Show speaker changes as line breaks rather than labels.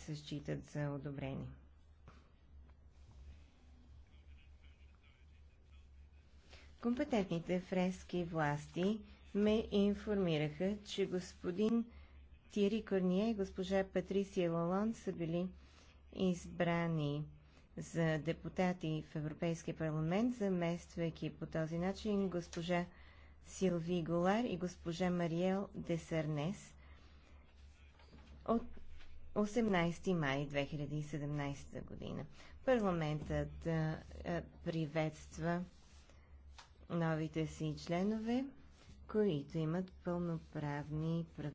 се считат за одобрени. Компетентните френски власти ме информираха, че господин Тири Корние и госпожа Патрисия Лолон са били избрани за депутати в Европейския парламент, замествайки по този начин госпожа Силви Голар и госпожа Мариел Десарнес от 18 май 2017 година. Парламентът а, приветства новите си членове, които
имат пълноправни права.